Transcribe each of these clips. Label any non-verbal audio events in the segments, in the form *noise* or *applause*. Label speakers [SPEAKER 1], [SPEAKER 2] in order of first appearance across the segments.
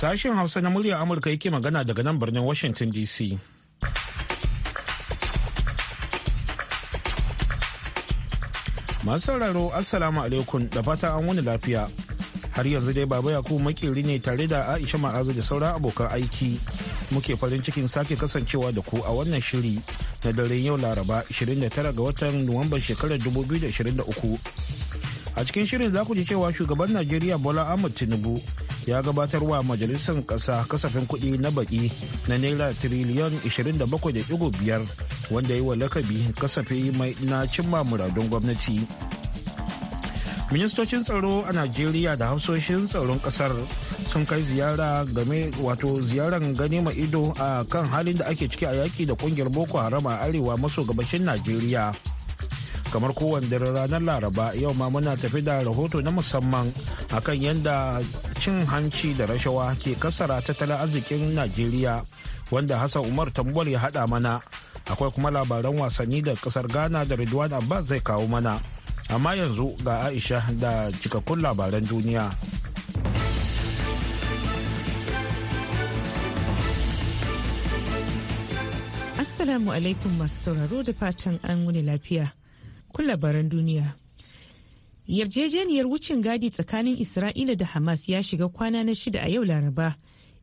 [SPEAKER 1] Sashen Hausa na muryar Amurka yake magana daga nan birnin Washington DC. Masu sauraro Assalamu alaikum da fata an wani lafiya. Har yanzu dai Baba Yakubu makeri ne tare da Aisha Ma'azu da sauran abokan aiki. Muke farin cikin sake kasancewa da ku a wannan shiri na daren yau Laraba 29 ga watan Nuwamban shekarar 2023. A cikin shirin za ku ji cewa shugaban Najeriya Bola Ahmed Tinubu ya gabatar wa majalisar ƙasa kasafin kuɗi na baƙi na naira tiriliyan 27.5 wanda yi wa lakabi kasafi mai na cimma muradun gwamnati ministocin tsaro a najeriya da hafsoshin tsaron kasar sun kai ziyara game wato ziyaran gani ma ido a kan halin da ake ciki a yaki da kungiyar boko haram a arewa maso gabashin najeriya kamar kowanne ranar laraba yau ma muna tafi da rahoto na musamman akan yadda cin hanci da rashawa ke kasara tattalin arzikin najeriya wanda hassan umar tambol ya haɗa mana akwai kuma labaran wasanni da ƙasar ghana da ridwan abbas zai kawo mana amma yanzu ga aisha da cikakkun labaran duniya
[SPEAKER 2] assalamu alaikum masu sauraro da fatan an wuni lafiya kun labaran duniya yarjejeniyar wucin gadi tsakanin isra'ila da hamas ya shiga kwana na shida a yau laraba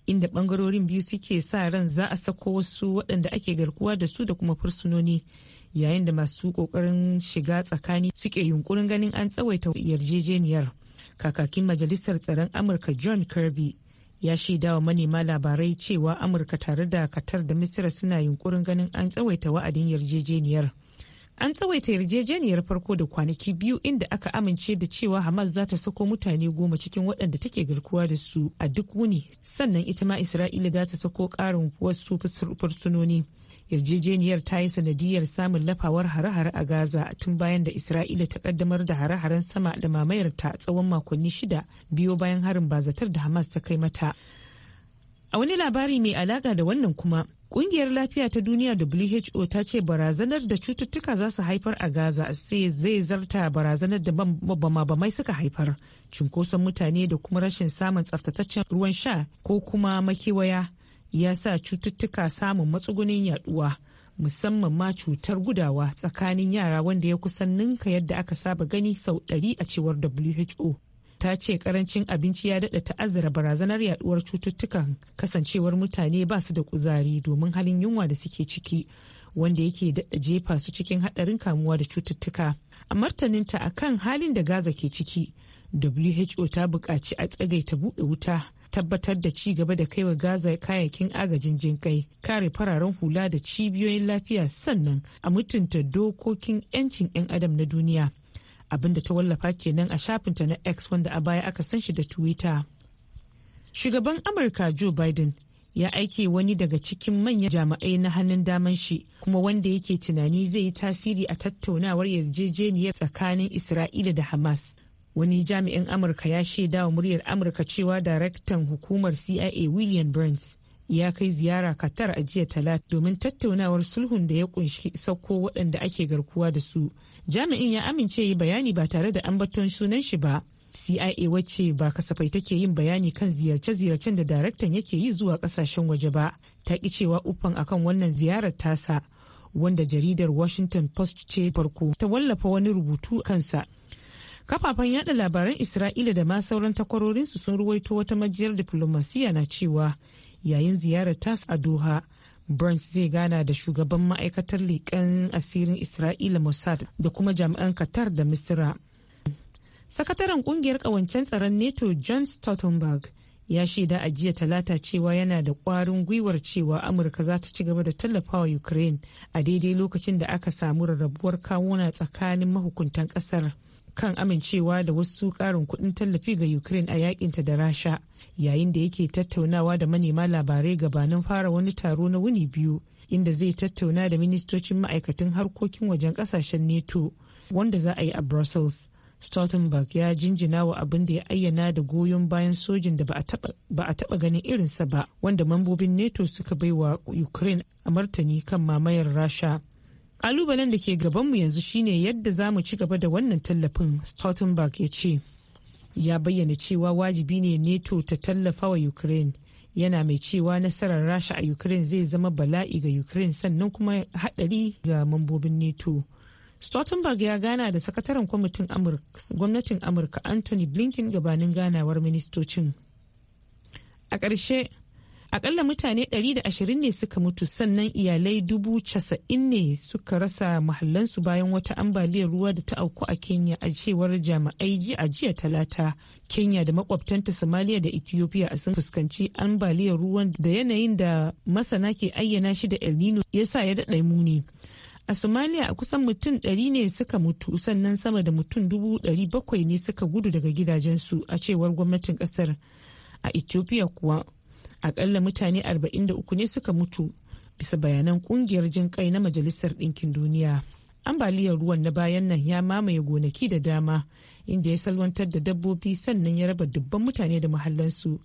[SPEAKER 2] inda bangarorin biyu suke sa ran za a sako wasu waɗanda ake garkuwa da su da kuma fursunoni yayin da masu ƙoƙarin shiga tsakani suke yunkurin ganin an tsawaita yarjejeniyar kakakin majalisar tsaron amurka john kirby ya shaida wa manema labarai cewa amurka tare da katar da misira suna yunkurin ganin an tsawaita wa'adin yarjejeniyar an tsawaita yarjejeniyar farko da kwanaki biyu inda aka amince da cewa hamas za ta sako mutane goma cikin waɗanda take garkuwa da su a duk wuni sannan ita ma isra'ila za ta sako ƙarin wasu fursunoni yarjejeniyar ta yi sanadiyar samun lafawar hare-hare a gaza tun bayan da isra'ila ta kaddamar da hare-haren sama da mamayarta tsawon makonni shida biyo bayan harin bazatar da hamas ta kai mata A wani labari mai alaƙa da wannan kuma, ƙungiyar Lafiya ta Duniya WHO ta ce barazanar da cututtuka za su haifar a Gaza sai zai zarta barazanar da mabamai suka haifar. Cunkoson mutane da kuma rashin samun tsaftataccen ruwan sha ko kuma makewaya ya sa cututtuka samun matsugunin yaduwa. musamman ma cutar gudawa tsakanin yara wanda ya kusan ninka yadda aka saba gani sau ɗari a cewar WHO. ta ce karancin abinci ya daɗa ta'azzara barazanar yaduwar cututtukan kasancewar mutane ba su da kuzari domin halin yunwa da suke ciki wanda yake daɗa jefa su cikin haɗarin kamuwa da cututtuka a martaninta a kan halin da gaza ke ciki who ta buƙaci a tsagaita buɗe wuta tabbatar da ci gaba da kaiwa gaza kayayyakin agajin jinkai kare fararen hula da cibiyoyin lafiya sannan a mutunta dokokin 'yancin 'yan adam na duniya abinda ta wallafa kenan a shafinta na X wanda a baya aka san shi da Twitter. Shugaban Amurka Joe Biden ya aike wani daga cikin manyan jami'ai na hannun daman shi kuma wanda yake tunani zai yi tasiri a tattaunawar yarjejeniyar tsakanin Isra'ila da Hamas. Wani jami'in Amurka ya shaida wa muryar Amurka cewa daraktan hukumar CIA William Burns ya kai ziyara Qatar a jiya talata domin tattaunawar sulhun da ya kunshi sauko waɗanda ake garkuwa da su. Jami'in ya amince yi bayani ba tare da ambaton sunan shi ba. CIA wacce ba kasafai take yin bayani kan ziyarce-ziyarcen da daraktan yake yi zuwa kasashen waje ba, ta ki cewa uffan akan wannan ziyarar tasa, wanda jaridar Washington Post ce farko ta wallafa wani rubutu kansa. Kafafen yada labaran Isra'ila da ma sauran takwarorinsu sun ruwaito wata majiyar diplomasiya na cewa yayin ziyarar tas a doha burns zai gana da shugaban ma'aikatar leƙen asirin isra'ila mossad da kuma jami'an qatar da misira sakataren kungiyar kawancen tsaron nato john stoltenberg ya shaida a jiya talata cewa yana da kwarin gwiwar cewa amurka za ta ci gaba da tallafawa ukraine a daidai lokacin da aka samu rarrabuwar kawuna tsakanin mahukuntan kasar kan amincewa da wasu karin kuɗin tallafi ga Ukraine a yakinta da Rasha yayin da yake tattaunawa da manema labarai gabanin fara wani taro na wuni biyu inda zai tattauna da ministocin ma'aikatan harkokin wajen kasashen NATO wanda za a yi a Brussels. Stoltenberg ya jinjina wa abin da ya ayyana da goyon bayan sojin da ba a taɓa ganin irinsa ba wanda mambobin NATO suka baiwa Ukraine a martani kan mamayar Rasha. Kalubalen da ke gabanmu yanzu shine yadda za mu ci gaba da wannan tallafin Stoltenberg ya ce. Ya bayyana cewa wajibi ne neto ta tallafa wa Ukraine. yana mai cewa nasarar rasha a ukraine zai zama bala'i ga ukraine sannan kuma haɗari ga mambobin neto. stoltenberg ya gana da sakataren kwamitin gwamnatin amurka anthony blinken gabanin ganawar ministocin a ƙarshe akalla mutane 120 ne suka mutu sannan iyalai dubu casa'in ne suka rasa mahallansu bayan wata ambaliyar ruwa da ta auku a kenya a cewar jami'ai ji a jiya talata kenya da makwabtanta somalia da ethiopia sun fuskanci ambaliyar ruwan da yanayin da masana ke ayyana shi da el nino ya sa ya daɗa muni a somalia a kusan mutum 100 ne suka mutu sannan sama da mutum dubu ɗari bakwai ne suka gudu daga gidajensu a cewar gwamnatin ƙasar a ethiopia kuwa akalla mutane 43 ne suka mutu bisa bayanan kungiyar jin kai na majalisar ɗinkin duniya ambaliyar ruwan na bayan nan ya mamaye gonaki da dama inda ya salwantar da dabbobi sannan ya raba dubban mutane da mahallansu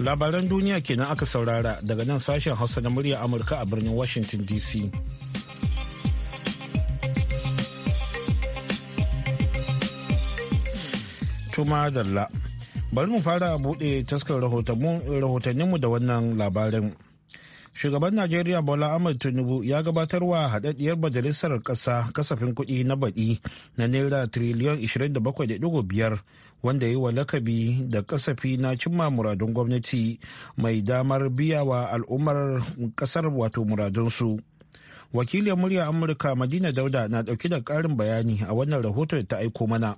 [SPEAKER 1] labaran duniya kenan aka saurara daga nan sashen hausa na murya amurka a birnin washington dc Tuma Dalla. Bari mu fara buɗe taskar rahotanninmu da wannan labarin. Shugaban Najeriya Bola Ahmad Tinubu ya gabatar wa haɗaɗɗiyar majalisar ƙasa kasafin kuɗi na baɗi na Naira tiriliyon 27.5 wanda yi wa lakabi da kasafi na cimma muradun gwamnati mai damar biya wa al'ummar ƙasar wato muradunsu. Wakilin murya Amurka Madina Dauda na ɗauki da ƙarin bayani a wannan rahoton ta aiko mana.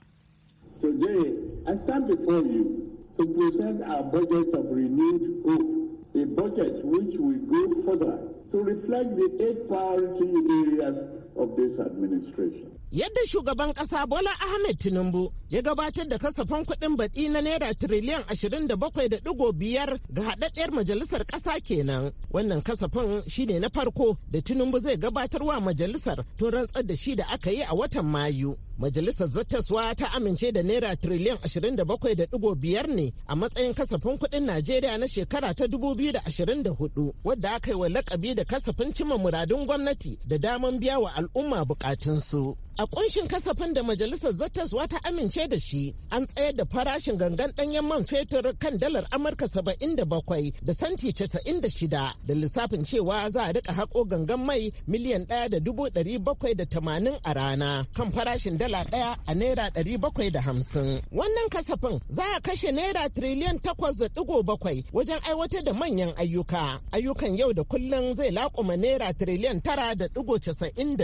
[SPEAKER 3] I stand before you to present our budget of renewed hope,
[SPEAKER 4] a
[SPEAKER 5] budget which will go further to reflect the eight priority areas of this administration. Yadda shugaban ƙasa Bola Ahmed Tinubu ya gabatar da kasafin kuɗin baɗi na Naira tiriliyan 27.5 ga haɗaɗɗiyar majalisar ƙasa kenan. Wannan kasafin shine na farko da Tinubu zai gabatar wa majalisar tun rantsar da shi da aka yi a watan Mayu. Majalisar Zattaswa ta amince da Naira tiriliyan 27.5 ne a matsayin kasafin kuɗin Najeriya na shekara ta 2024 wadda aka yi wa lakabi da kasafin cimma muradun gwamnati da daman biya wa al'umma bukatunsu. a kunshin kasafin da majalisar zattaswa ta amince da shi an tsayar da farashin gangan ɗanyen man fetur kan dalar amurka 77 da santi 96 da lissafin cewa za a rika haƙo gangan mai miliyan ɗaya da dubu ɗari bakwai da a rana kan farashin dala ɗaya a naira ɗari bakwai da hamsin wannan kasafin za a kashe naira tiriliyan takwas da bakwai wajen aiwatar da manyan ayyuka ayyukan yau da kullum zai laƙuma naira tiriliyan tara da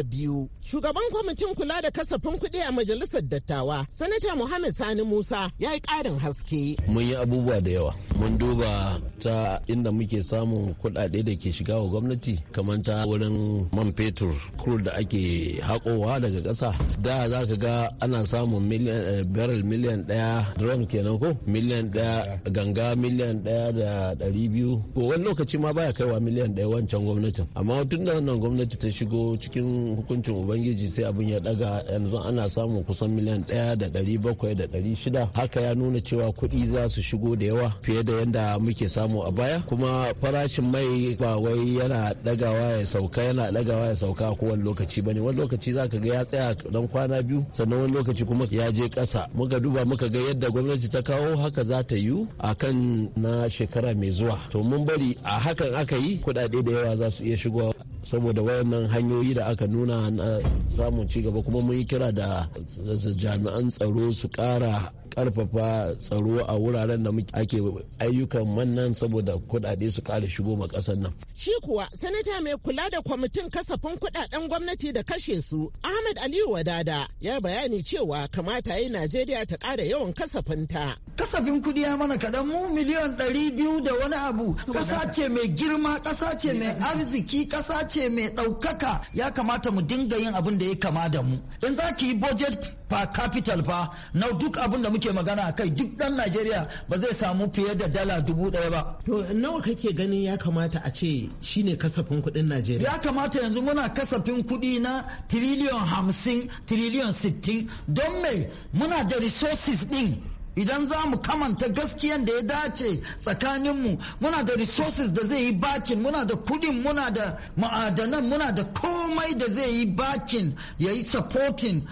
[SPEAKER 5] biyu shugaban kwamitin kula da kasafin kuɗi a majalisar dattawa sanata muhammad sani musa ya yi ƙarin haske
[SPEAKER 3] mun yi abubuwa da yawa mun duba ta inda muke samun kuɗaɗe da ke shiga wa gwamnati kamar ta wurin man fetur kur da ake haƙowa daga ƙasa da za ka ga ana samun eh, barrel miliyan ɗaya drum kenan ko miliyan ɗaya ganga miliyan ɗaya da ɗari biyu ko wani lokaci ma baya kaiwa miliyan ɗaya wancan gwamnatin amma tun da wannan gwamnati ta shigo cikin hukuncin ubangiji sai abin ya daga yanzu ana samun kusan miliyan ɗaya da ɗari bakwai da ɗari shida haka ya nuna cewa kuɗi za su shigo da yawa fiye da yadda muke samu a baya kuma farashin mai ba wai yana ɗagawa ya sauka yana ɗagawa ya sauka ko wani lokaci bane wani lokaci za ka ga ya tsaya dan kwana biyu sannan wani lokaci kuma ya je ƙasa muka duba muka ga yadda gwamnati ta kawo haka za ta yiwu a kan na shekara mai zuwa to mun bari a hakan aka yi kuɗaɗe da yawa za su iya shigowa saboda wayannan hanyoyi da aka nuna na samun cigaba ba kuma mun yi kira da jami'an tsaro su kara karfafa tsaro a wuraren da ake ayyukan wannan saboda kudade su kara shigo ma kasar nan.
[SPEAKER 5] Shi kuwa sanata mai kula da kwamitin kasafin kudaden gwamnati da kashe su Ahmad Aliyu Wadada ya bayani cewa kamata yi Najeriya ta ƙara yawan
[SPEAKER 6] kasafinta kasafin kuɗi ya mana kaɗan mu miliyan ɗari biyu da wani abu ƙasa ce mai girma ƙasa ce mai arziki ƙasa ce mai ɗaukaka ya kamata mu dinga yin abin da ya kama da mu in za ki yi budget per capital fa na duk abin da muke magana kai duk dan Najeriya ba zai samu fiye da dala dubu ɗaya ba. To nawa kake ganin
[SPEAKER 5] ya kamata a ce shine kasafin kuɗin Najeriya? Ya
[SPEAKER 6] kamata yanzu muna kasafin kuɗi na tiriliyon hamsin tiriliyon sittin don mai muna da resources ɗin idan za mu kamanta gaskiyan da ya dace tsakaninmu muna da resources da zai yi bakin muna da kudin muna da ma'adanan muna da komai da zai yi bakin ya yi supporting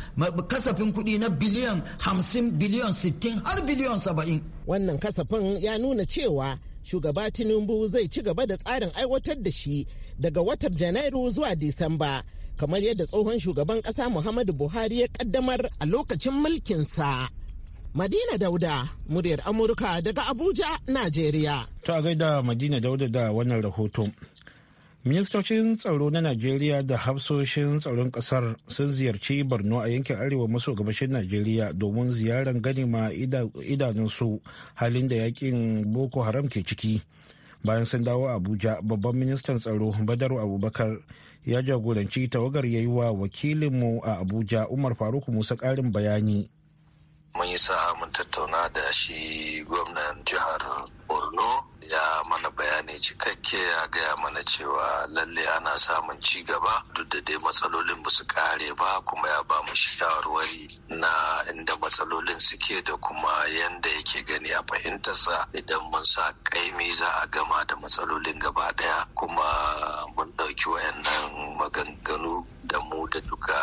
[SPEAKER 6] kasafin kudi na biliyan 50 biliyan 60 har biliyan 70
[SPEAKER 5] wannan kasafin ya nuna cewa shugaba tinubu zai ci gaba da tsarin aiwatar da shi daga watan janairu zuwa disamba kamar yadda tsohon shugaban ƙasa muhammadu buhari ya kaddamar a lokacin mulkinsa. Madina Dauda, muryar Amurka daga Abuja, Najeriya.
[SPEAKER 1] Ta gaida Madina Dauda da wannan rahoto. Ministocin tsaro na Najeriya da hafsoshin tsaron kasar sun ziyarci Borno a yankin arewa maso gabashin Najeriya domin ziyarar ganima idanunsu halin da yakin Boko Haram ke ciki. Bayan sun dawo Abuja, babban ministan tsaro Badaru Abubakar ya jagoranci tawagar yayi wa wakilinmu a Abuja Umar Faruk Musa ƙarin bayani.
[SPEAKER 7] mun yi sa'a mun tattauna da shi gwamnan jihar borno ya mana bayani cikakke ya gaya mana cewa lalle ana samun ci gaba duk da dai matsalolin ba su kare ba kuma ya ba mu shawarwari na inda matsalolin suke da kuma yanda yake gani a fahimtarsa idan mun sa kaimi za a gama da matsalolin gaba daya kuma mun ɗauki wayannan maganganu da mu da duka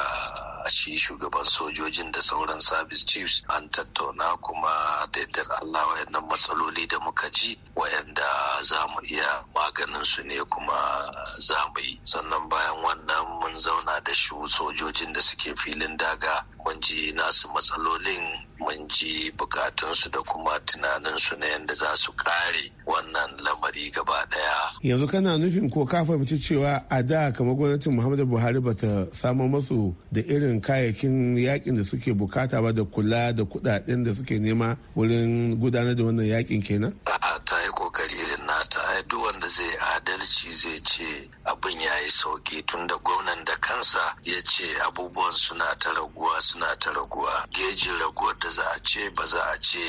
[SPEAKER 7] shi shugaban sojojin da sauran service chiefs an tattauna kuma da yadda Allah wayannan matsaloli da muka ji wayanda za mu iya maganin su ne kuma za mu yi sannan bayan wannan mun zauna da shi sojojin da suke filin daga mun ji nasu matsalolin mun ji bukatunsu da kuma tunaninsu na yadda za su kare wannan lamari gaba daya
[SPEAKER 4] yanzu kana nufin ko ka fahimci cewa a da kamar gwamnatin muhammadu buhari bata samar masu da irin kayayyakin yakin da suke bukata ba da kula da kudaden da suke nema wurin gudanar da wannan yakin kenan a'a ta yi kokari irin nata duk wanda zai adalci zai ce abin ya yi sauki tun da gwamnan da kansa ya ce abubuwan suna
[SPEAKER 7] ta raguwa suna suna ta raguwa gejin raguwar da za a ce ba za a ce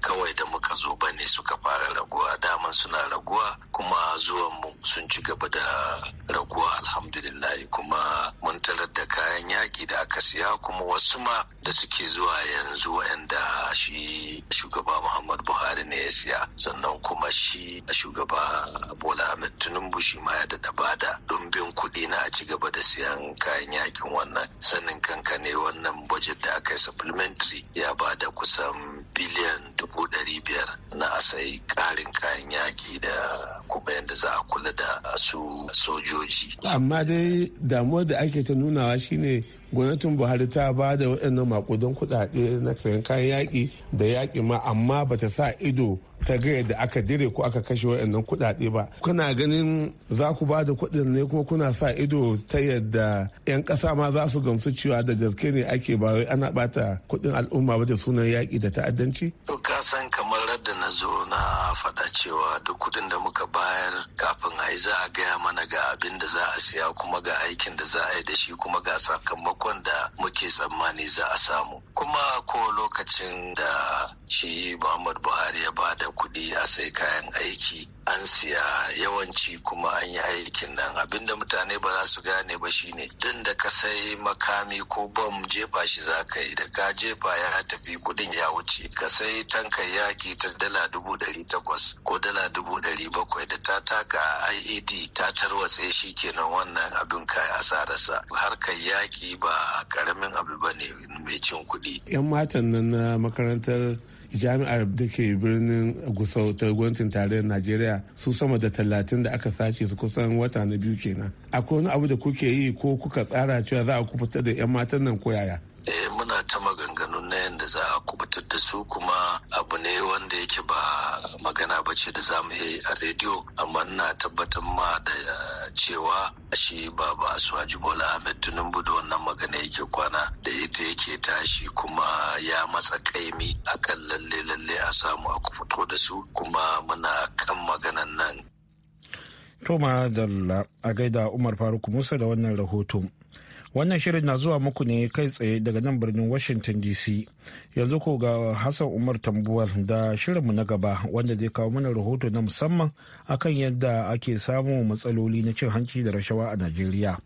[SPEAKER 7] kawai da muka zo ba ne suka fara raguwa daman suna raguwa kuma zuwan mu sun ci gaba da raguwa alhamdulillah kuma mun tarar da kayan yaƙi da aka siya kuma wasu ma da suke zuwa yanzu wayanda shi shugaba muhammad buhari ne ya siya sannan kuma shi shugaba bola ahmed tinubu shi ma ya daɗa bada dumbin kuɗi na a ci gaba da siyan kayan yakin wannan sanin kanka ne wannan budget da aka yi supplementary ya ba da kusan biliyan dubu ɗari biyar na sai ƙarin kayan yaƙi da kuma yadda za a kula da su sojoji.
[SPEAKER 4] Amma dai damuwar da ake ta nunawa shine gwamnatin buhari ta ba da waɗannan makudan kuɗaɗe na sayan kayan yaki da yaki ma amma ba ta sa ido ta ga yadda aka dire ko aka kashe waɗannan kuɗaɗe ba kuna ganin za ku ba da kuɗin ne kuma kuna sa ido ta yadda 'yan ƙasa ma za su gamsu cewa da gaske ne ake ba ana ɓata kuɗin al'umma ba da sunan yaki da ta'addanci
[SPEAKER 7] to ka san kamar zo na faɗa cewa duk kuɗin da muka bayar kafin a yi za a gaya mana ga abin da za a siya kuma ga aikin da za a yi da shi kuma ga sakamakon da muke tsammani za a samu kuma ko lokacin da shi muhammad buhari ya bada kuɗi a sai kayan aiki an siya yawanci kuma an yi aikin nan abinda mutane ba za su gane ba shine din da ka sai makami ko bom jefa shi za ka yi da ka jefa ya tafi kudin ya wuce ka sai tanka yaki ta dala dubu dari takwas ko dala dubu dari bakwai da ta taka ied ta tarwatse shi kenan wannan abin kayan asararsa harkar yaki ba karamin abu bane mai cin kuɗi.
[SPEAKER 4] 'yan matan nan na makarantar jami'ar da ke birnin gusau ta gwamnatin tarayyar najeriya su sama da talatin da aka sace su kusan wata na biyu kenan akwai wani abu da kuke yi ko kuka tsara cewa za a ku fita da 'yan matan nan ko yaya eh muna ta maganganun na yadda za a kubutar da
[SPEAKER 7] su kuma abu ne wanda yake ba magana ba ce da zamu mu yi a rediyo amma na tabbatar ma da eh, cewa shi baba Asuwaji Bola Ahmed Tinubu da wannan magana yake kwana da ita yake tashi kuma ya matsa kaimi akan lalle lalle a samu a fito da su kuma muna kan maganan nan.
[SPEAKER 1] Toma Dalla a gaida Umar Faruk Musa da wannan rahoton. Wannan shirin na zuwa muku ne kai tsaye daga nan birnin Washington DC. Yanzu ko ga Hassan Umar Tambuwal da shirinmu na gaba wanda zai kawo mana rahoto na musamman akan yadda ake samun matsaloli na cin hanci da rashawa a Najeriya.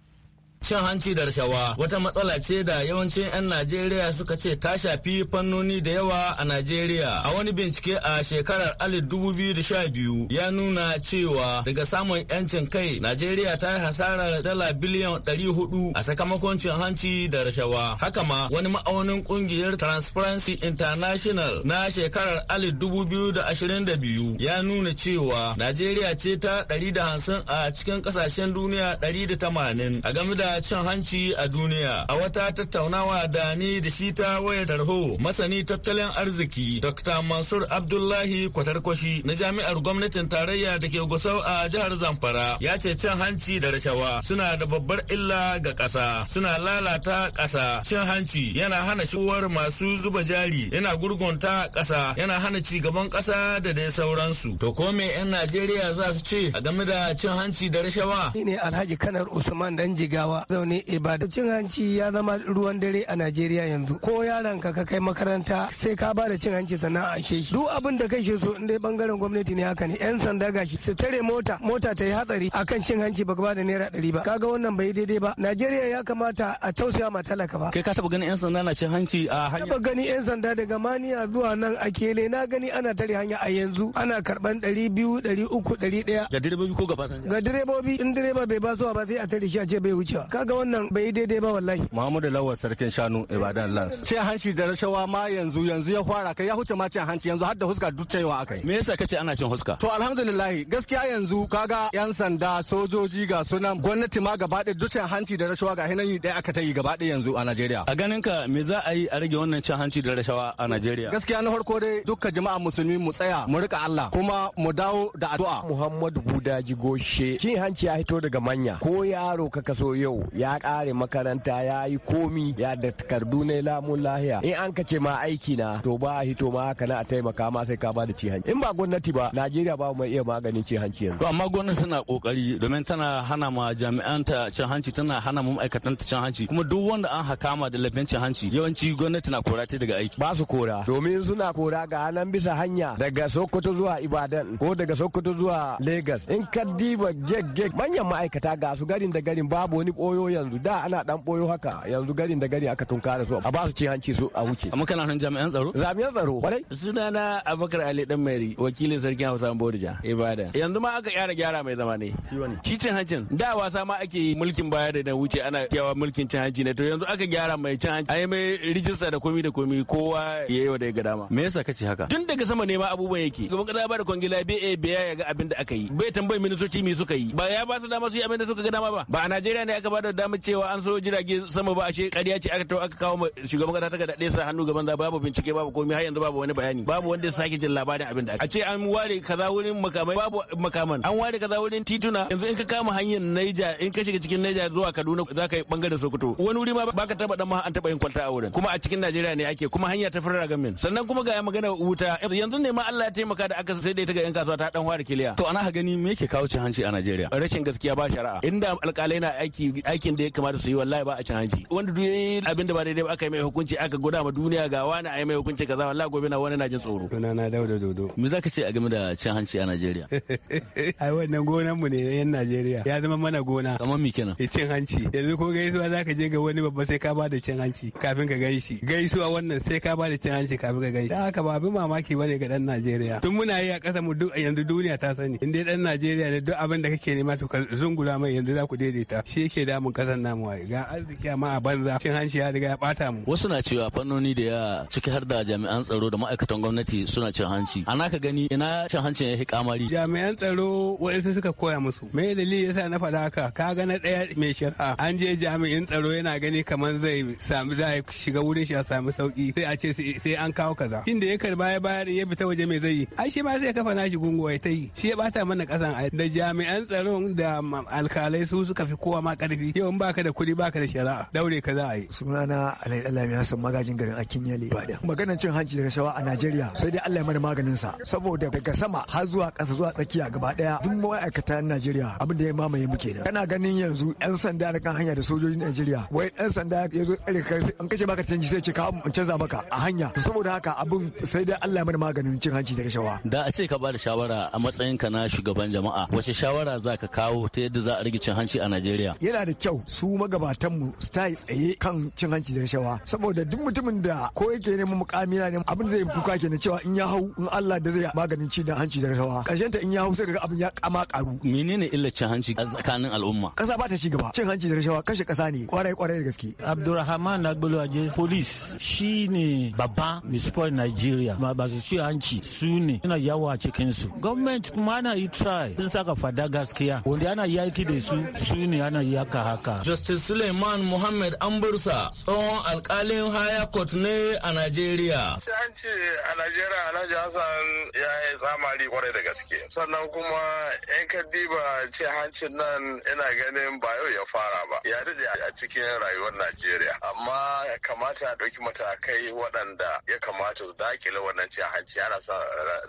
[SPEAKER 8] Cin hanci da rashawa wata matsala ce da yawancin 'yan Najeriya suka ce ta shafi fannoni da yawa a Najeriya. A wani bincike a shekarar 2012 ya nuna cewa daga samun 'yancin kai Najeriya ta yi hasarar dala biliyan 400 a sakamakon cin hanci da rashawa. Haka ma wani ma'aunin kungiyar Transparency International na shekarar 2022 ya nuna cewa Najeriya ce ta 150 a cikin kasashen duniya 180 a game da cin hanci a duniya a wata tattaunawa da ni da shi ta waya tarho masani tattalin arziki Dr. Mansur Abdullahi Kwatarkwashi na jami'ar gwamnatin tarayya da ke Gusau a jihar Zamfara ya ce cin hanci da rashawa suna da babbar illa ga ƙasa suna lalata ƙasa cin hanci yana hana shigowar masu zuba jari yana gurgunta ƙasa yana hana ci gaban ƙasa da dai sauransu to ko me 'yan Najeriya za su ce a game da cin hanci da rashawa
[SPEAKER 6] ne Alhaji Kanar Usman dan Jigawa zama zaune ibada cin hanci ya zama ruwan dare a najeriya yanzu ko yaron ka ka kai makaranta sai ka ba da cin hanci sannan a ke shi duk abin da kai shi so in dai bangaren gwamnati ne haka ne yan sanda gashi su tare mota mota ta yi hatsari akan cin hanci baka ba da naira ɗari ba kaga wannan bai daidai ba najeriya ya kamata a tausaya ma talaka ba
[SPEAKER 8] kai ka taba ganin yan sanda na cin hanci a hanya
[SPEAKER 6] taba gani yan sanda daga maniya zuwa nan a kele na gani ana tare hanya a yanzu ana karban ɗari biyu ɗari uku ɗari ɗaya
[SPEAKER 8] ga direbobi ko gaba
[SPEAKER 6] sanja ga direbobi in direba bai ba zuwa ba sai a tare shi a ce bai wucewa kaga wannan bai daidai ba wallahi
[SPEAKER 8] muhammadu lawal sarkin shanu ibadan lans
[SPEAKER 6] ce hanci da rashawa ma yanzu yanzu ya fara kai ya huce ma ce hanci yanzu har da huska duk cewa akai me yasa kace ana cin huska to alhamdulillah gaskiya yanzu kaga yan sanda sojoji ga sunan gwamnati ma gaba ɗaya duk cin hanci da rashawa ga hinan yi ɗaya aka ta yi gaba ɗaya yanzu a
[SPEAKER 8] Najeriya a ganin ka me za a yi a rage wannan cin hanci da rashawa a Najeriya
[SPEAKER 6] gaskiya na farko dai dukkan jama'a musulmi mu tsaya mu rika Allah kuma mu dawo da addu'a Muhammadu Budaji
[SPEAKER 9] Goshe cin hanci ya hito daga manya ko yaro ka kaso yau ya kare makaranta ya yi komi ya da takardu ne lamun lahiya in an ka ce ma aiki na to ba a hito ma haka na a taimaka ma sai ka ba da cihanci in ba gwamnati ba najeriya ba mai iya maganin cihanci yanzu to amma gwamnati tana
[SPEAKER 8] kokari domin tana hana ma jami'an ta cin hanci tana hana mu ma'aikatanta ta cin hanci kuma duk wanda an hakama da laifin cin hanci yawanci gwamnati na kora ta daga aiki
[SPEAKER 9] ba su kora domin suna kora ga nan bisa hanya daga sokoto zuwa ibadan ko daga sokoto zuwa lagos in ka diba geg manyan ma'aikata ga su garin da garin babu wani boyo yanzu da ana dan boyo haka yanzu garin da gari aka tunkara su a ba su ci hanci su a wuce amma kana
[SPEAKER 8] nan jami'an tsaro jami'an tsaro kwarai sunana Abubakar Ali dan Mari wakilin sarkin Hausa Borja Ibada yanzu ma aka kyara gyara mai zama ne shi wani cin hancin da wasa ma ake mulkin baya da na wuce ana kiyawa mulkin cin hanci ne to yanzu aka gyara mai cin hanci ai mai rijista da komi da komi kowa yi wa da ya ga dama me yasa kace haka tun daga sama ne ma abubuwan yake gaban kasa ba da kwangila bai biya ya ga abin da aka yi bai tambayi ministoci me suka yi ba ya ba su dama su yi abin da suka ga dama ba ba a Najeriya ne aka ba da damar cewa an so jirage sama ba ashe kariya ce aka aka kawo shugaban kasa daga daɗe sa hannu gaban da babu bincike babu komai har yanzu babu wani bayani babu wanda ya sake jin labarin abin da a ce an ware kaza wurin makamai babu makaman an ware kaza wurin tituna yanzu in ka kama hanyar Naija in ka shiga cikin Naija zuwa Kaduna za ka yi bangaren Sokoto wani wuri ma baka taba dan ma an taba yin kwalta a wurin kuma a cikin Najeriya ne ake kuma hanya ta ga gamin sannan kuma ga magana wuta yanzu ne ma Allah ya taimaka da aka sai dai ta ga yan kasuwa ta dan fara kiliya to ana gani me yake kawo cin hanci a Najeriya rashin gaskiya ba shari'a inda alƙalai na aiki aikin da ya kamata su yi wallahi ba a cin hanci wanda duk yayi abin da ba daidai ba aka yi mai hukunci aka gwada ma duniya ga wani a yi mai hukunci kaza wallahi gobe na wani na jin tsoro
[SPEAKER 9] na dauda dodo
[SPEAKER 8] me zaka ce a game da cin hanci a Najeriya
[SPEAKER 9] *laughs* ai wannan gonan mu ne yan Najeriya ya zama mana gona kamar mi kenan eh, cin hanci yanzu ko gaisuwa zaka je ga wani babba sai ka ba da cin hanci kafin ka gaishe gaisuwa wannan sai ka ba da cin hanci kafin ka gaishe haka ba abin mamaki bane ga dan Najeriya tun muna yi a kasar mu duk yanzu duniya ta sani inda dan Najeriya ne duk abin da kake nema to ka zungula mai yanzu za ku daidaita shi yake da mun kasan namu wai ga arziki amma a banza cin hanci ya riga ya bata mu
[SPEAKER 8] wasu na cewa fannoni da ya ciki har da jami'an tsaro da ma'aikatan gwamnati suna cin hanci ana ka gani ina cin hancin ya
[SPEAKER 9] kamari jami'an tsaro waɗansu suka koya musu me dalili yasa na faɗa haka ka ga na ɗaya mai shari'a an je jami'in tsaro yana gani kamar zai sami zai shiga wurin shi a sami sauki sai a ce sai an kawo kaza shin da ya karba ya bayar ya fita waje mai zai yi ai shi ma sai ya kafa nashi wai ta yi shi ya bata mana kasan da jami'an tsaro da alkalai su suka fi kowa ma karfi laifi yau in baka da kuɗi baka da shari'a daure ka za a yi
[SPEAKER 6] sunana alhaji allah ya san magajin garin akinyele ibadan maganar cin hanci da rashawa a najeriya sai dai allah ya mana maganin sa saboda daga sama har zuwa ƙasa zuwa tsakiya gaba ɗaya duk ma'aikata na najeriya abin da ya mamaye mu da. kana ganin yanzu yan sanda na kan hanya da sojojin najeriya wai yan sanda ya zo tsare ka an kace baka canji sai ce ka in canza maka a hanya to saboda haka abin sai dai allah ya mana maganin cin hanci da rashawa
[SPEAKER 8] da a ce ka ba da shawara a matsayinka na shugaban jama'a wace shawara za ka kawo ta yadda za a rage cin hanci a najeriya
[SPEAKER 6] yana da da kyau su magabatanmu su ta yi tsaye kan cin hanci da rashawa saboda duk mutumin da ko yake neman mukami ne. abin da zai kuka kenan cewa in ya hau in Allah da zai maganin ci da hanci da rashawa karshen ta in ya hau sai ga abin ya kama karu
[SPEAKER 8] menene illar cin hanci a tsakanin al'umma kasa
[SPEAKER 6] ba ta ci gaba cin hanci da rashawa kashe kasa ne kwarai kwarai da gaske Abdulrahman Nagbulaje police shine babba misfor Nigeria ma ba su ci
[SPEAKER 8] hanci su ne yana yawo a cikin su government kuma na yi try sun saka fada gaskiya wanda ana yaki da su su ne ana yaka haka. Justice Suleiman Muhammad Ambursa tsohon alkalin Haya Court ne a Najeriya. Sai ce a
[SPEAKER 10] Najeriya Alhaji Hassan ya yi tsamari kwarai da gaske. Sannan kuma yan kadiba ce hancin nan ina ganin ba yau ya fara ba. Ya daɗe a cikin rayuwar Najeriya. Amma kamata a ɗauki matakai waɗanda ya kamata su dakile wannan ce hanci ana sa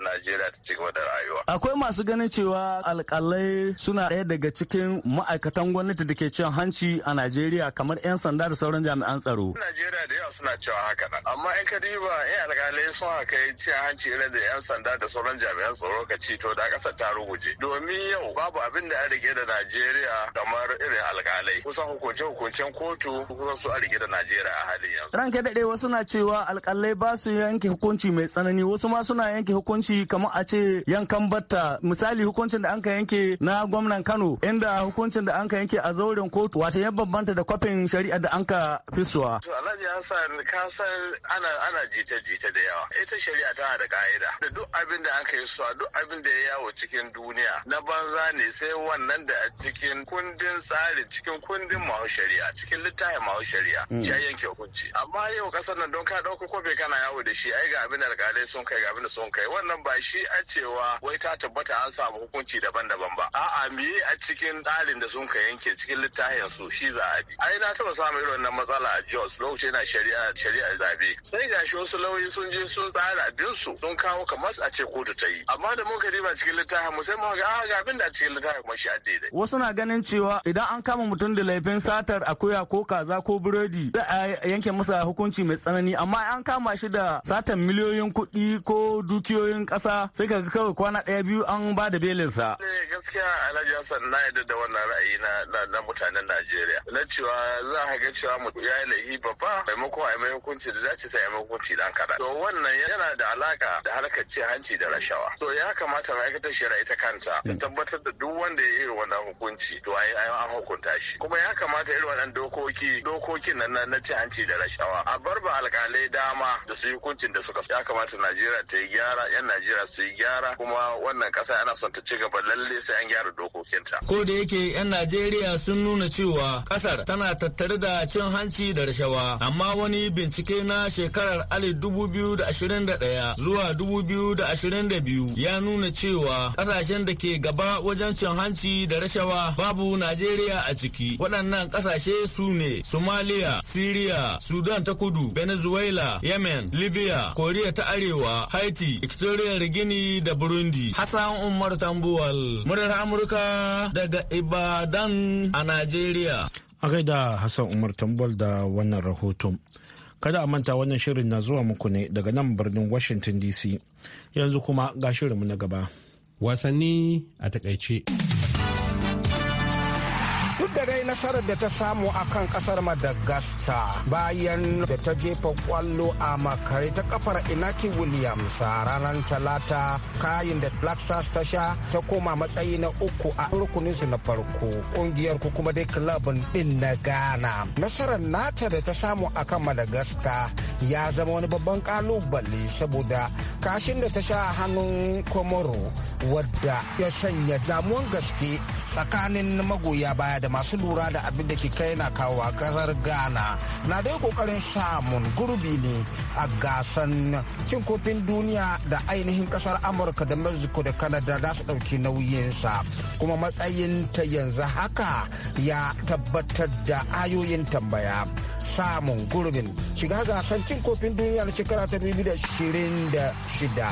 [SPEAKER 10] Najeriya ta ci gaba da rayuwa.
[SPEAKER 8] Akwai masu ganin cewa alƙalai suna ɗaya daga cikin ma'aikatan gwamnati da ke cewa cin hanci a Najeriya kamar 'yan sanda da sauran jami'an tsaro. Najeriya da yawa suna cewa haka nan. Amma in ka diba 'yan alkalai sun haka cin hanci irin da
[SPEAKER 10] 'yan sanda da sauran jami'an tsaro ka ci to da ƙasar ta ruguje. Domin yau babu abin da ya rike da Najeriya kamar irin alkalai. Kusan hukunce-hukuncen kotu kusan su a rike da
[SPEAKER 4] Najeriya a halin
[SPEAKER 8] yanzu. Ranka daɗe wasu na cewa alkalai ba su yanke hukunci mai tsanani wasu ma suna yanke hukunci kamar a ce yankan batta misali hukuncin da an ka yanke na gwamnan Kano inda hukuncin da an ka yanke a zauren kotu wata ya bambanta da kwafin shari'a da an ka fisuwa. To
[SPEAKER 10] Alhaji Hassan ka san ana ana jita-jita da yawa. Ita shari'a tana da ka'ida. Da duk abin da an ka yi suwa duk abin da ya yawo cikin duniya na banza ne sai wannan da a cikin kundin tsari cikin kundin mahu shari'a cikin littafin mahu shari'a. Mm. Shi yanke hukunci. Amma yau kasar nan don ka ɗauko kofi kana yawo da shi ai ga abin da alƙalai sun kai ga abin da sun kai wannan ba shi a cewa wai ta tabbata an samu hukunci daban-daban ba. A'a me a cikin tsarin da sun ka yanke cikin littafin su shi za a bi ai na taba samun irin wannan matsala a Jos lokacin na shari'a shari'a zabe sai gashi wasu lauyi sun je sun tsara abin su sun kawo kamar a ce kotu ta yi amma da mun kadiba cikin littafin mu sai mu ga ah, ga abin da cikin littafin mu shi a
[SPEAKER 8] daidai wasu na ganin cewa idan an kama mutum da laifin satar akuya ko kaza ko burodi za a yanke masa hukunci mai tsanani amma an kama shi da satar miliyoyin kuɗi ko dukiyoyin ƙasa sai ka kawai kwana ɗaya biyu an ba da belinsa.
[SPEAKER 10] Eh, gaskiya alhaji hassan na yadda da wannan ra'ayi na mutane mutanen Najeriya. Na cewa za a ga cewa mu ya yi laifi babba maimakon a yi mai hukunci da dace sai a yi hukunci dan kaɗan. To wannan yana da alaka da harkar cin hanci da rashawa. To ya kamata ma'aikatar shari'a ita kanta ta tabbatar da duk wanda ya yi irin wannan hukunci to a yi an hukunta shi. Kuma ya kamata irin wannan dokoki dokokin nan na cin hanci da rashawa. A bar ba alƙalai dama da su yi hukuncin da suka ya kamata Najeriya ta yi gyara 'yan Najeriya su yi gyara kuma wannan ƙasa ana son ta ci gaba lalle sai an gyara dokokinta.
[SPEAKER 8] Ko da yake 'yan Najeriya sun nuna cewa kasar tana tattare da cin hanci da rashawa amma wani bincike na shekarar ali dubu biyu da ashirin da ɗaya zuwa dubu biyu da ashirin da biyu ya nuna cewa kasashen da ke gaba wajen cin hanci da rashawa babu najeriya a ciki waɗannan kasashe su ne somalia syria sudan ta kudu venezuela yemen libya koriya ta arewa haiti victoria rigini da burundi hassan umar tambuwal murar amurka daga ibadan a Najeriya.
[SPEAKER 1] A gaida Hassan Umar Tambol da wannan rahoto Kada a manta wannan shirin na zuwa muku ne daga nan birnin Washington DC. Yanzu kuma ga shirinmu na gaba.
[SPEAKER 9] Wasanni a takaice.
[SPEAKER 6] nasarar da ta samu a kan kasar madagascar bayan da ta jefa kwallo a makare ta kafar inaki williams a ranar talata kayan da black stars ta sha ta koma matsayi na uku a rukunin su na farko kungiyar ku kuma dai kilabin din na ghana nasarar nata da ta samu a kan madagascar ya zama wani babban kalubale saboda kashin da ta sha a hannun komoro wadda ya sanya damuwan gaske tsakanin magoya baya da masu lura lura da abin da ke kai na kawo a kasar ghana na dai kokarin samun gurbi ne a gasan cin kofin duniya da ainihin kasar amurka da mexico da canada za su ɗauki nauyinsa kuma matsayin ta yanzu haka ya tabbatar da ayoyin tambaya samun gurbin shiga gasan cin kofin duniya na shekara ta shida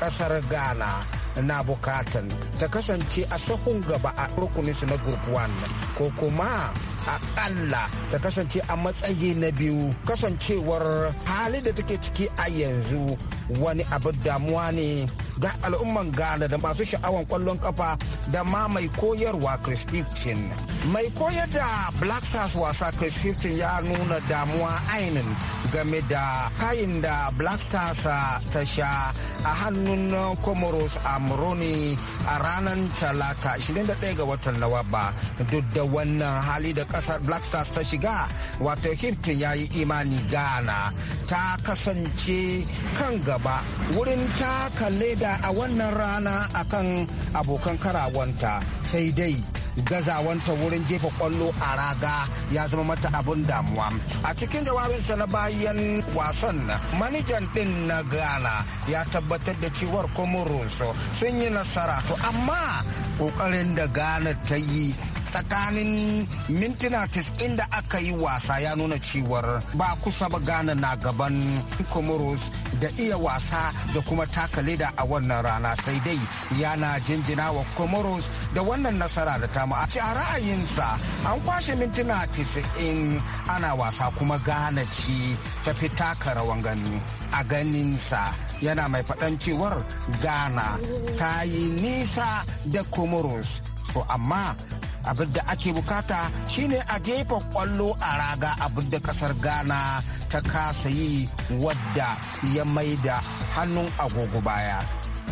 [SPEAKER 6] kasar ghana na bukatan ta kasance a sahun gaba a rukuninsu na group 1 ko kuma akalla ta kasance a matsayi na biyu kasancewar hali da take ciki a yanzu wani abu damuwa ne ga al'umman Ghana da masu sha'awan kwallon kafa da ma mai koyarwa Chris Hifton. Mai koyar da Black Stars wasa Chris Hifton ya nuna damuwa ainin game da kayin da Black Stars ta sha a hannun Comoros a Moroni a ranar Talata 21 ga watan Nawaba duk da wannan hali da kasar Black Stars ta shiga wato Hifton ya yi imani Ghana ta kasance kan gaba wurin taka leda a wannan rana akan abokan karawanta sai dai gazawanta wurin jefa kwallo a raga ya zama mata abin damuwa a cikin jawabinsa na bayan wasan manijan din na ghana ya tabbatar da cewar comoros sun yi nasara to amma kokarin da ghana ta yi tsakanin mintuna 90 da aka yi wasa ya nuna cewar ba kusa ba Ghana na gaban Comoros da iya wasa da kuma taka leda a wannan rana sai dai yana jinjina wa Comoros da wannan nasara da tamu a ra'ayinsa an kwashe mintuna 90 ana wasa kuma gana ci ta fi taka rawan gani a ganinsa yana mai faɗan cewar Ghana ta yi nisa da Comoros So amma abin da ake bukata shine a jefa kwallo a raga abin da kasar ghana ta kasa yi wadda ya maida hannun agogo baya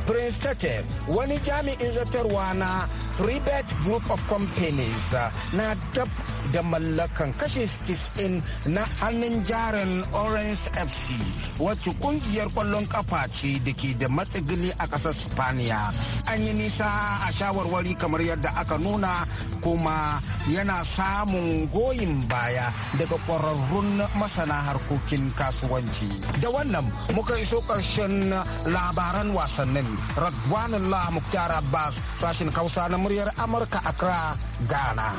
[SPEAKER 6] prince tete wani jami'in zartarwa na freebet group of companies na dab da mallakan kashe 60 na hannun jarin orange fc wacce kungiyar kwallon kafa ce da ke da matsigili a ƙasar spaniya an yi nisa a shawarwari kamar yadda aka nuna kuma yana samun goyin baya daga ƙwararrun masana harkokin kasuwanci da wannan muka iso ƙarshen labaran wasannin radwanullah muktar abbas sashin kausa na muryar amurka a accra gana.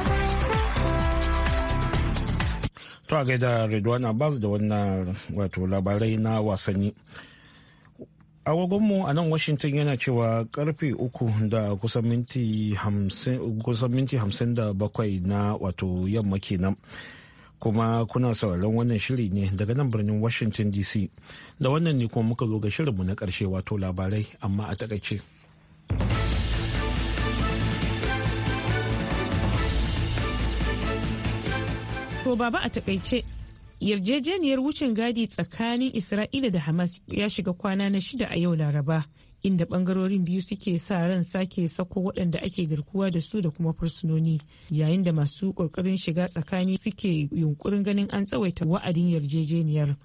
[SPEAKER 1] To a gaida Redwan Abbas da wannan wato labarai na wasanni. agogonmu a nan washington yana cewa karfe uku da kusan minti hamsin da bakwai na wato yamma kenan kuma kuna sauraron wannan shiri ne daga nan birnin washington dc da wannan ne kuma muka zo ga shirinmu na karshe wato labarai amma a takaice.
[SPEAKER 2] To baba a takaice yarjejeniyar wucin gadi tsakanin Isra'ila da Hamas ya shiga kwana na shida a yau Laraba. inda bangarorin biyu suke sa ran sake sako waɗanda ake garkuwa da su da kuma fursunoni yayin da masu ƙoƙarin shiga tsakani suke yunkurin ganin an tsawaita wa'adin yarjejeniyar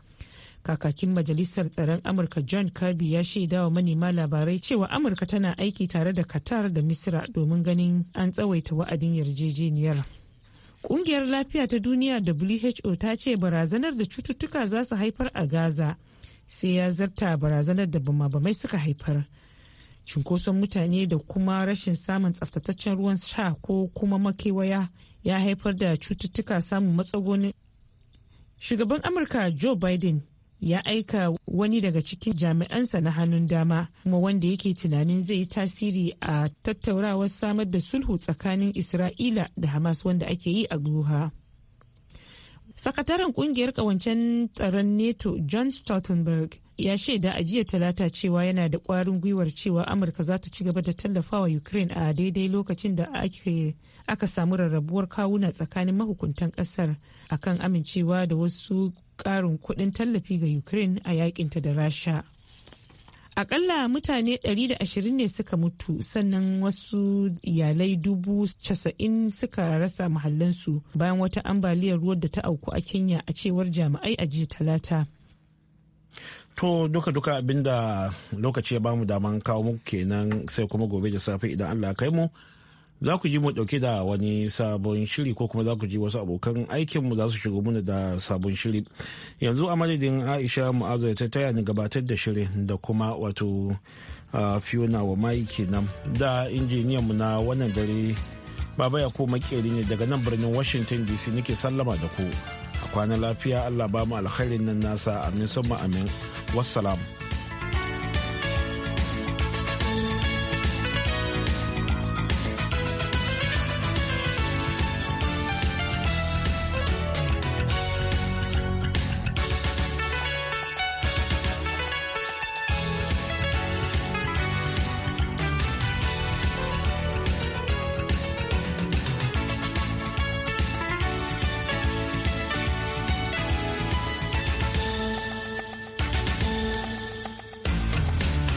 [SPEAKER 2] kakakin majalisar tsaron amurka john kirby ya shaida wa manema labarai cewa amurka tana aiki tare da qatar da misra domin ganin an tsawaita wa'adin yarjejeniyar Kungiyar lafiya ta duniya WHO ta ce barazanar da cututtuka za su haifar a Gaza sai ya zarta barazanar da bama-bamai suka haifar. Cunkoson mutane da kuma rashin samun tsaftataccen ruwan sha ko kuma makewaya ya haifar da cututtuka samun matsagonin. Shugaban Amurka Joe Biden ya aika wani daga cikin jami'ansa na hannun dama kuma wanda yake tunanin zai yi tasiri a tattaurawar samar da sulhu tsakanin isra'ila da hamas wanda ake yi a doha sakataren kungiyar kawancen tsaron neto john stoltenberg ya shaida a jiya talata cewa yana da kwarin gwiwar cewa amurka za ta ci gaba da wa ukraine a daidai lokacin da aka samu rarrabuwar kawuna tsakanin mahukuntan kasar akan amincewa da wasu karin kudin tallafi ga Ukraine a yakinta da Rasha. Akalla mutane 120 ne suka mutu sannan wasu iyalai dubu casa'in suka rasa mahallansu bayan wata ambaliyar ruwa da ta auku a Kenya a cewar jami'ai a jiya talata.
[SPEAKER 1] To duka-duka abinda lokaci ya bamu daman kawo muku kenan sai kuma gobe da safe idan Allah kai mu za ku ji mu dauke da wani sabon shiri ko kuma za ku ji wasu abokan aikinmu za su shigo mana da sabon shiri yanzu a madadin aisha mu'azu ta taya ni gabatar da shirin da kuma wato fiona wa mai kenan da mu na wannan dare baba ya ko makeri ne daga nan birnin washington dc nake sallama da ku a kwanan lafiya allah ba mu alkhairin nan nasa amin summa amin wassalam